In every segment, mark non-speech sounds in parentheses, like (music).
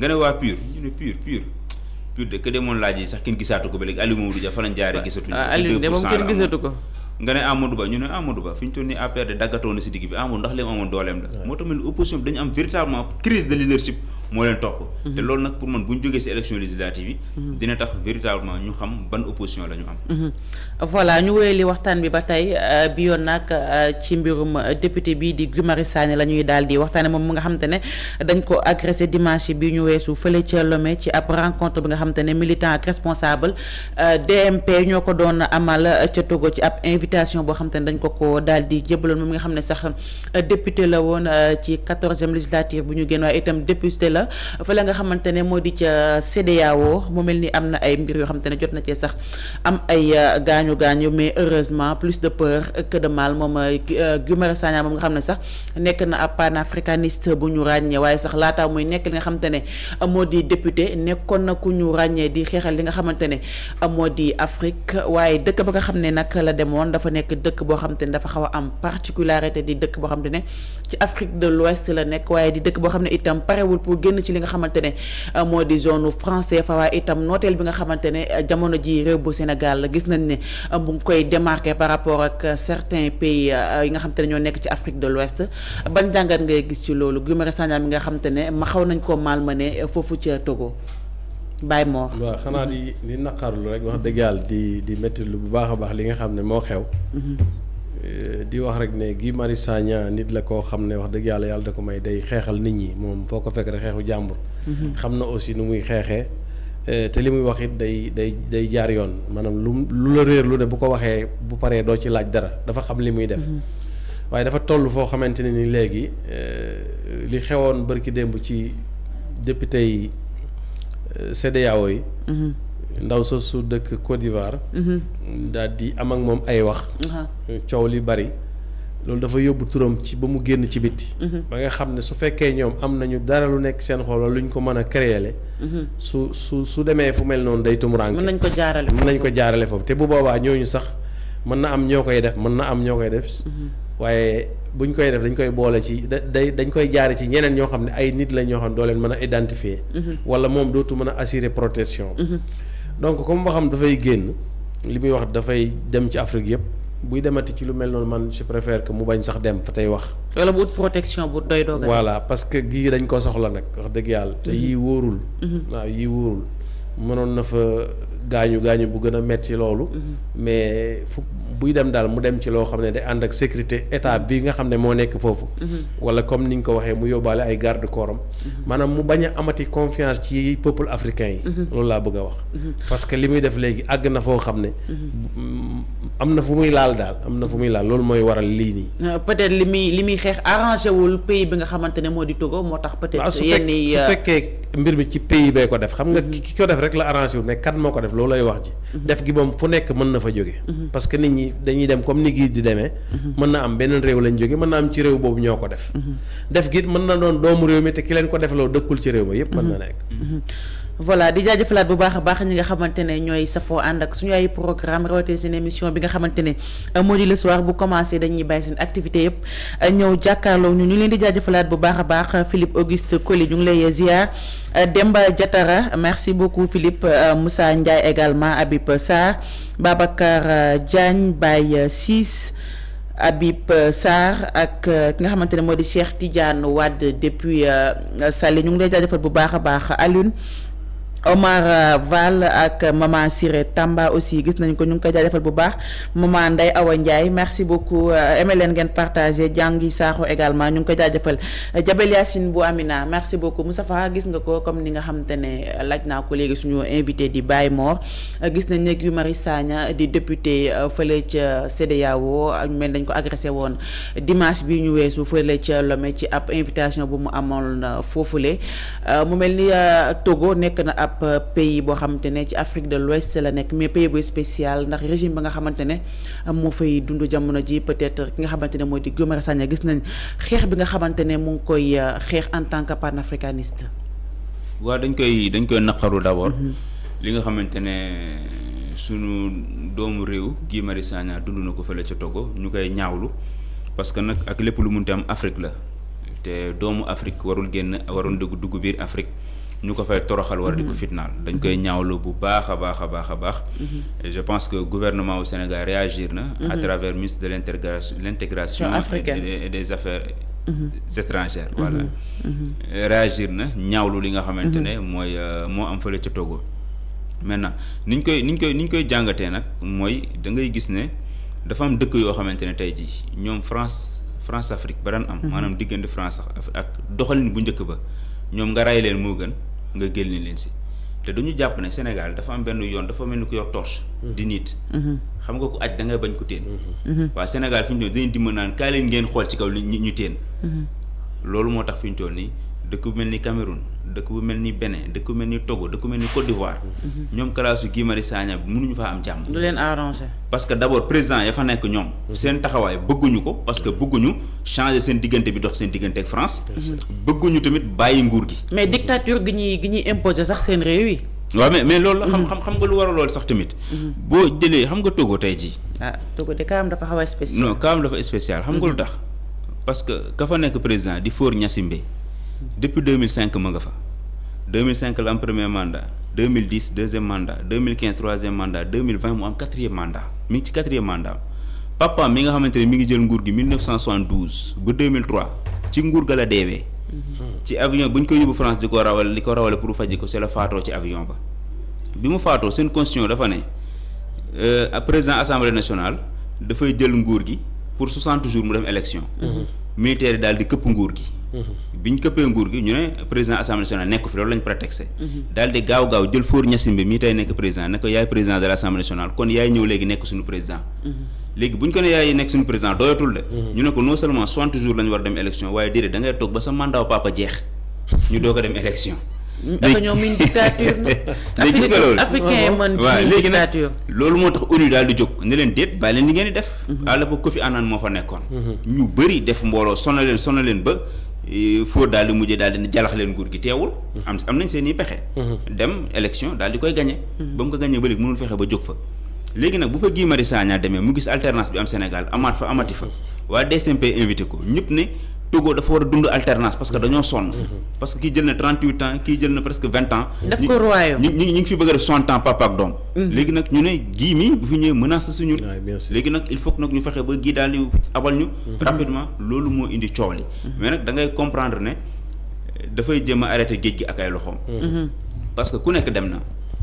nga ne waa pur ñu ne pur pur pur de que demoon laaj yi sax kenn gisaatu ko ba léegi Aliou Mamadou Dia fa lañ gisatuñu ah, kenn gisatu ko nga ne Amadou Ba ñu ne Amadou Ba fi ñu toll nii de daggatoo si digg bi Amadou ndax leen amoon dooleem la moo tax mel opposition bi dañu am véritablement crise de leadership moo leen topp mhm. te loolu nag pour man bu ñu jógee ci élection législative yi mhm. dina tax véritablement ñu xam ban opposition la ñu am mhm. voilà ñu li waxtaan bi ba tey euh, bi yoon nag euh, ci mbirum euh, député bii di Guy Marius Sagna la ñuy daal di waxtaane moom mu nga xamante ne dañ ko agressé dimanche bi ñu weesu fële ci Lomé ci ab rencontre bi nga xamante ne militant ak responsable DMP ñoo ko doon amal ca Togo ci ab invitation boo xam ne dañ ko ko daal di jébaloon moom nga xam ne sax député la woon ci quatorzième législative bu ñu génn waaye itam la fële nga xamante ne moo ca CEDEAO mu mel ni am na ay mbir yoo xamante ne jot na cee sax am ay euh, gaañu gaañu mais heureusement plus de peur que mal moom euh, euh, Guy Marius Sagna moom nga xam ne sax nekk na ab panafricaniste bu ñu ràññee waaye sax laataa muy nekk li nga xamante ne moo di député nekkoon na ku ñu ràññee di xeexal li nga xamante ne moo di Afrique waaye dëkk ba nga xam ne nag la demoon dafa nekk dëkk boo xamante ne dafa xaw a am particularité di di dëkk boo xam ne génn ci li nga xamante ne euh, moo di zone franc CFA waaye itam nooteel bi nga xamante ne euh, jamono ji réew bu Sénégal gis nañ ne euh, mu ngi koy démarqué par rapport ak certains pays yi nga xamante ne ñoo nekk ci Afrique de l'Ouest ban jàngat ngay gis ci loolu Guy Marius Sagna mi nga xamante ne ma xaw nañ koo malmené foofu ca Togo bàyyi moo waaw xanaa di di naqarlu rek wax dëgg yàlla di di métti lu bu baax a baax li nga xam ne moo xew mm-hmm. Euh, di wax rek ne Guy Marius Sagna nit la koo xam ne wax dëgg yàlla yàlla da ko may day xeexal nit ñi moom foo ko fekk rek xeexu jàmbur. Mhm. xam na aussi nu muy xeexee euh, te li muy wax it day day day jaar yoon maanaam lu lu la réer lu ne bu ko waxee bu paree doo ci laaj dara dafa xam li muy def. Mhm. waaye dafa toll foo xamante ne ni léegi euh, li xewoon bërki démb ci député yi CEDEAO yi. Mhm. ndaw sa su dëkk Côte d'Ivoire. Mhm. daal di am ak moom ay wax. coow li bari. loolu dafa yóbbu turam ci ba mu génn ci bitti. Mhm. ba nga xam ne su fekkee ñoom am nañu dara lu nekk seen xol lu ñu ko mën a créer. Mhm. su su su demee fu mel noonu day tumuraanke. mën nañ ko jaarale foofu nañ ko jaarale foofu te bu boobaa ñooñu sax mën na am ñoo koy def mën na am ñoo koy def. waaye buñ koy def dañ koy boole ci da day dañ koy jaare ci ñeneen ñoo xam ne ay nit lañ ñoo xam ne doo leen mën a identifier. wala moom dootu mën a assurer protection. donc comme waxam dafay génn li muy wax dafay dem ci Afrique yëpp buy demati ci lu mel noonu man je préfère que mu bañ sax dem fa tey wax. wala bu protection bu doy doog voilà parce que gii dañ ko soxla nag wax dëgg yàlla. te yii wóorul. Mhm. waaw yii wóorul mënoon na fa. gaañu gaañu bu gën a metti loolu. Mhm. mais fu buy dem daal mu dem ci loo xam ne day ànd ak sécurité état bi nga xam ne moo nekk foofu. Mhm. wala comme ni nga ko waxee mu yóbbaale ay garde corps am. Mhm. maanaam mu bañ a amati confiance ci peuple africain yi. loolu laa bëgg a wax. parce que li muy def léegi àgg na foo xam ne. am na fu muy laal daal am na fu muy laal loolu mooy waral lii nii. Euh, peut li muy li muy xeex arrangé wul pays bi nga xamante ne moo di Togo moo tax. peut-être yenn yi su euh, fekkee mbir mi ci pays bee ko def. loolu lay wax ji. def gi moom fu nekk mën na fa jóge. parce que nit ñi dañuy dem comme ni gii di demee. mën na am beneen réew lañ jóge mën na am ci réew boobu ñoo ko def. Mhm. def gi mën na doon doomu réew mi te ki leen ko defloo dëkkul ci réew mi yëpp mën na mhm. nekk. Mhm. voilà di jaajëfalaat bu baax a baax ñi nga xamante ne ñooy safoo ànd ak su ay programme rawatina seen émission bi nga xamante ne euh, moo di le soir bu commencé dañuy bàyyi seen activité yëpp euh, ñëw jàkkaarloo ñu ñu leen di jaajëfalaat bu baax a baax euh, Philippe Auguste Coly ñu ngi lay ziar Demba Diatara merci beaucoup Philippe Moussa Ndiaye également Habib Sarr Babacar Diagne Baye Ciss Habib Sarr ak ki nga xamante ne moo di Cheikh Tidiane Wade depuis Saly ñu ngi lay jaajëfal bu baax a baax Alioune Omar euh, Vall ak maman Siré Tamba aussi gis nañ ko ñu ngi koy jaajëfal bu baax maman Ndeye Awa Ndiaye merci beaucoup euh, aimé leen ngeen partagé jàngi saaxu également ñu ngi koy jaajëfal euh, Jabel Yacine bu Amina merci beaucoup Moustapha gis nga ko comme ni nga xamante ne laaj naa ko léegi suñu invité di Baye Mor gis nañ nekk yu Marie Sagna di député fële ca CEDEAO ñu mel dañ ko agressé woon dimanche bi ñu weesu fële ca Lomé ci ab invitation bu mu amoon foofule mu mel ni nekk ab ab euh, pays boo xamante ne ci Afrique de l'Ouest la nekk mais pays bu spécial ndax régime ba nga xamante ne moo fay dundu jamono ji peut-être ki nga xamante ne mooy di Guy Marius gis nañ xeex bi nga xamante ne mu ngi koy euh, xeex en tant que panafricaniste. waaw dañ koy dañ koy naqaru d'abord. Mm-hmm. li nga xamante ne sunu doomu réew Guy Marius dundu dund na ko la ci Togo ñu koy ñaawlu parce que nag ak lépp lu munte am Afrique la te doomu Afrique warul génn warul dugg dugg biir Afrique. ñu ko fay toroxal wala di ko mhm. fitnaal dañ koy ñaawlu bu baax a baax a baax a baax mhm. je pense que gouvernement au Sénégal réagir na à mhm. travers ministre de l'intégration l'intégration et des affaires étrangères walla réagir na ñaawlu li nga xamante ne mooy euh, moo am fële ca Togo maintenant niñ koy niñ koy niñ koy jàngatee nag mooy da ngay gis ne dafa am dëkk yoo xamante ne tey jii ñoom France France Afrique ba daan am maanaam diggante France ak doxalin bu njëkk ba ñoom nga rey leen moo gën nga génne leen si te du ñu jàpp ne Sénégal dafa am benn yoon dafa mel ni ku yor torche di mhm. nit mhm. xam nga ko aj da bañ ko téen mhm. waaw Sénégal fi ñu toll dañu dimba naan kaay leen ngeen xool ci kaw li ñu téen loolu moo tax fi ñu toll nii dëkk bu mel ni Cameroun dëkk bu mel ni beneen dëkk bu mel ni Togo dëkk bu mel ni Côte d'Ivoire. Mhm. ñoom kalaasu Guy Marius bi mënuñu faa am jàmm. du leen arrangé. parce que d' abord président ya fa nekk ñoom. Mhm. seen taxawaay bëgguñu ko parce que mhm. bëgguñu changer seen diggante bi dox seen diggante ak France. bëgguñu tamit bàyyi nguur gi. mais dictature gi ñuy gi ñuy imposer sax seen réew yi. waaw mais mais loolu la xam xam xam nga lu war a lool sax tamit. boo jëlee xam nga Togo tey jii. ah Togo de kaam dafa xaw a spécial. non kaam dafa xam nga lu tax parce que ka fa nekk président di Faure Gnassingbé depuis 2005 ma nga fa 2005 la am premier mandat 2010 deuxième mandat 2015 troisième mandat 2020 mu am quatrième mandat mi ngi ci quatrième mandat papa mi nga xamante ne mi ngi jël nguur gi 1972 ba 2003 ci nguur ga la deewee. Mhm. ci avion bu ñu koy yóbbu France di ko rawal di ko rawale pour faji ko c'est la faatoo ci avion ba bi mu faatoo seen constitution dafa ne euh, président assemblée nationale dafay jël nguur gi pour 60 jours mu dem élection. Mhm. militaire yi daal nguur gi. bi ñu këppee nguur gi ñu ne président assemblée nationale nekk fi loolu lañ prétexté daal di gaaw gaaw jël Faure Gnassingbé mii tey nekk président ne yaay président de l' assemblée nationale kon yaay ñëw léegi nekk suñu président léegi bu ñu ko ne yaay nekk suñu président doyatul de ñu ne ko non seulement soixante jours la ñu war dem élection waaye déedéet da ngay ba sa mandat papa jeex ñu doog a dem élection (laughs) dafa ñoom une dictature nag (laughs) gis nga loolu africain man léegi nag loolu moo tax ONU daal mhm. mhm. ba fóot daal di mujjee daal di jalax leen nguur gi teewul. Mhm. am am nañ seen i pexe. Mhm. dem election daal di koy gagné. Mhm. ba mu ko gagné ba léegi mënul fexe ba jóg fa. léegi nag bu fa Guy Marius demee mu gis alternance bi am Sénégal amaat fa amati fa waa DCMP invité ko ñëpp ne. Togo dafa war a dund alternance parce que dañoo sonn. Mhm. parce que kii jël na 38 ans kii jël na presque 20 ans. daf ko royoo ñu ñu ngi fi bëgg a def 60 ans doom. Mhm. léegi nag ñu ne gii mi bu fi ñëwee menace suñu. léegi nag il faut que nag ñu fexe ba gii daal di abal ñu. Mhm. rapidement loolu moo indi coow li. mais nag da ngay comprendre ne dafay jëm a géej gi ak ay loxoom. parce que ku nekk dem na.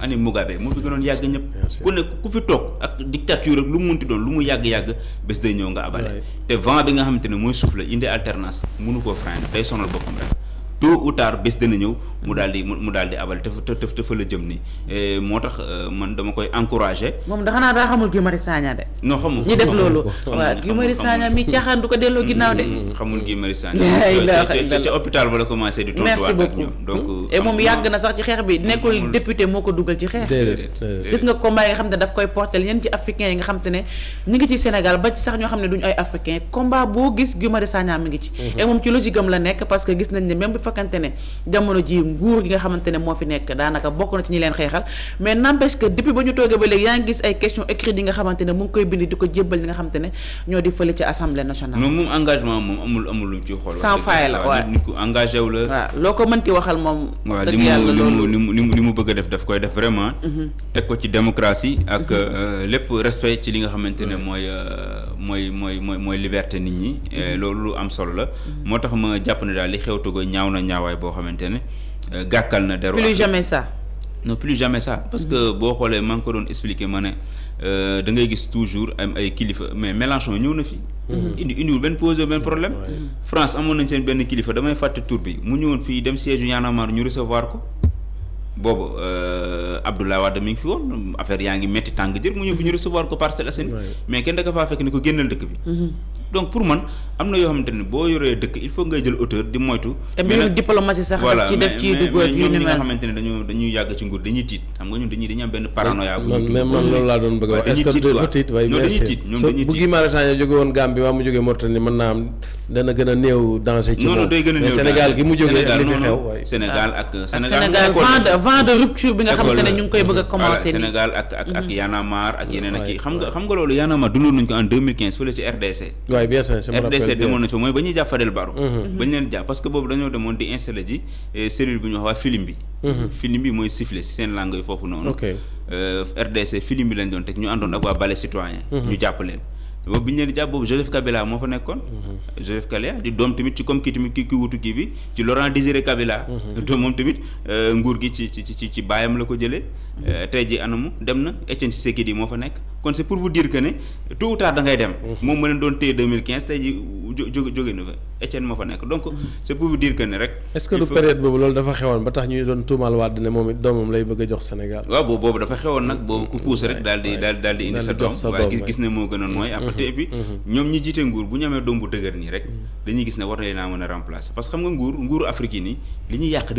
ani Mugabe moo fi gënoon yàgg ñëpp ku ne ku fi toog ak dictature ak lu mu munti doon lu mu yàgg-yàgg bés day ñëw nga abale te vent bi nga xamante ne mooy suuf la indi alternance munu koo freiner day sonal boppam rek tôt ou tard bés dana ñëw mu daal mu daal abal te te te fa la jëm nii eh, moo tax euh, man dama koy encouragé. moom da xanaa daa xamul Guy Marius Sagna de. non xamul ñu def loolu. waaw Guy Marius Sagna caaxaan du ko delloo ginnaaw de. Mm, xamul Guy Marius yi nga xam ne daf koy porté ñenn ci africain yi nga xam ne ñu ngi ci Sénégal ba sax ñoo xam ne duñu ay africain combat boo gis Guy Marius Sagna mi ci. Hmm. et moom ci logique la nekk parce gis nañ ne même fekkante ne jamono ji nguur gi nga xamante ne moo fi nekk daanaka bokk na ci ñi leen xeexal mais n'empêche depuis ba ñu toogee ba léegi yaa ngi gis ay question écrite yi nga xamante ne mu ne ñoo di fële ci assemblée moom engagement moom amul amul luñ ci xool sans faille la loo ko mënti waxal moom li mu li mu li mu bëgg a def daf koy def vraiment mhm. teg ko ci démocratie ak mhm. euh, lépp respect ci li nga xamante ne mooy euh, mooy mooy mooy liberté nit ñi mhm. loolu lu am solo la moo tax ma jàpp ne daal na ñaawaay boo xamante ne euh, gàkkal na deru plus jamais ça non plus jamais parce mm-hmm. que boo xoolee maa ngi ko doon expliquer ma ne euh, da ngay gis toujours am ay kilifa mais Mélenchon ñëw na fi mm-hmm. indi indiwul benn posé benn problème France amoon nañ seen benn kilifa damay fàtte tur bi mu ñëwoon fii dem siège yu Y'en a marre ñu recevoir ko boobu euh, Abdoulaye Wade mi ngi fi woon affaire yaa ngi métti tàng jër mu ñëw fi ñu recevoir ko Parcelles Assainies mais kenn da ka faa fekk ni ko génnal dëkk bi mm-hmm. donc pour man am na yoo xamante ne boo yoree dëkk il faut ngay jël hauteur di moytu. te sax. voilà ci def ci dugub yu ni mel ne dañoo dañuy yàgg ci nguur dañuy tiit xam nga ñun dañuy dañuy am benn paranoïa. bu ñu même man a wax. est jóge woon Gambie waa mu jóge Mauritanie mën naa am dana gën a néew danger. ci moom mais Sénégal ak li fi xew waaye Sénégal vent de rupture bi nga xamante ne bëgg a commencé Sénégal ak ak ak mm-hmm. a marre ak yeneen ak yi xam nga xam nga loolu Y en a marre dundoon nañu ko en 2015 fële ci RDC RDC demoon nañu fa mooy ba ñuy jàpp Fadel Barro mm-hmm. ba ñu leen jàpp parce que boobu dañoo demoon di installé ji eh, cellule bu ñu wax waa film bi mm-hmm. film bi mooy sifflé si seen langue yi foofu noonu euh, RDC film bi lañ doon teg ñu àndoon ak waa Balai Citoyen ñu jàpp leen boobu bi ñu leen di jàpp boobu Joseph Kabila moo fa nekkoon. Mhm. Joseph Kabila di doom tamit ci comme kii tamit ki ki wutu kii bi ci Laurent Désiré Kabila. doom mhm. moom tamit euh, nguur gi ci ci ci baayam la ko jëlee. Mhm. Euh, tey ji anamu dem na Etienne Cissé Kidi moo fa nekk kon c'est pour vous dire que ne tôt ou tard da dem. moom ma leen doon téye 2015 tey ji jo jóge na fa Etienne moo fa nekk donc c'est pour vous dire que rek. est-ce boobu loolu dafa xewoon ba tax ñuy doon tuumaal Wade ne moom it doomam lay bëgg a jox Sénégal. waaw boobu boobu dafa xewoon nag boobu ku puus rek daal di daal di indi sa doom waaye gis gis ne moo gën a nooy mm-hmm. après et puis mm-hmm. ñoom ñi jiite nguur bu ñu amee doom bu dëgër nii rek mm-hmm. dañuy gis ne war na leen a mën a remplacer parce que xam nga nguur nguuru Afrique yi nii li ñuy yàq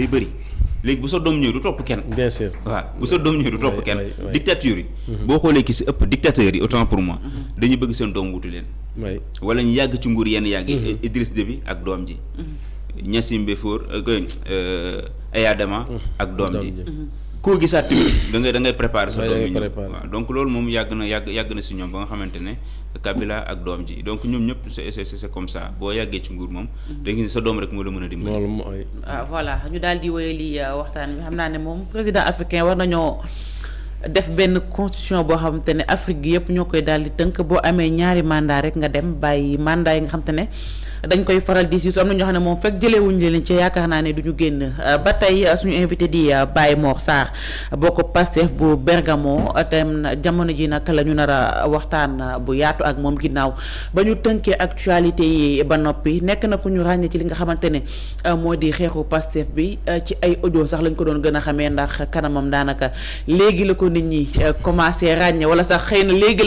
léegi bu sa doom ñëwee du topp kenn. bien sûr waaw bu sa doom ñëwee du topp kenn. dictature yi. Mhm. boo xoolee ki si ëpp dictateurs yi autant pour moi. Mhm. dañu bëgg seen doom wutu leen. wala ñu yàgg ci nguur yenn yàgg yi. Mhm. Idriss bi ak doom ji. Gnassingbé Faure euh, euh, Ayadama ak doom ji. koo gisaat tamit (coughs) da ngay da ngay préparer sa doom yi loolu moom yàgg na yàgg yàgg na si ñoom ba nga xamante ne Kabila ak doom ji donc ñoom ñëpp sa c'est comme sa boo yàggee ci nguur moom mhm. da sa doom rek moo la mën a dimbali waaw ah, voilà ñu daal di wéyal li euh, waxtaan bi xam naa ne moom président africain war nañoo def benn constitution boo xamante ne Afrique gi yëpp ñoo koy daal di tënk boo amee ñaari mandat rek nga dem bàyyi mandat yi nga xamante ne dañ koy faral di si am na xam ne moom fekk jëleewuñ leen ci yaakaar naa ne duñu génn ba tey suñu invité di Baye Mor Sarr bokk Pastef bu Bergamo tem jamono ji nag la ñu nar a waxtaan bu yaatu ak moom ginnaaw ba ñu tënkee actualité yi ba noppi nekk na ku ñu ràññee ci li nga xamante ne euh, moo di xeexu Pastef bi euh, ci ay audio sax lañ ko doon gën a xamee ndax kanamam daanaka léegi la ko nit ñi euh, commencé ràññee wala sax xëy na léegi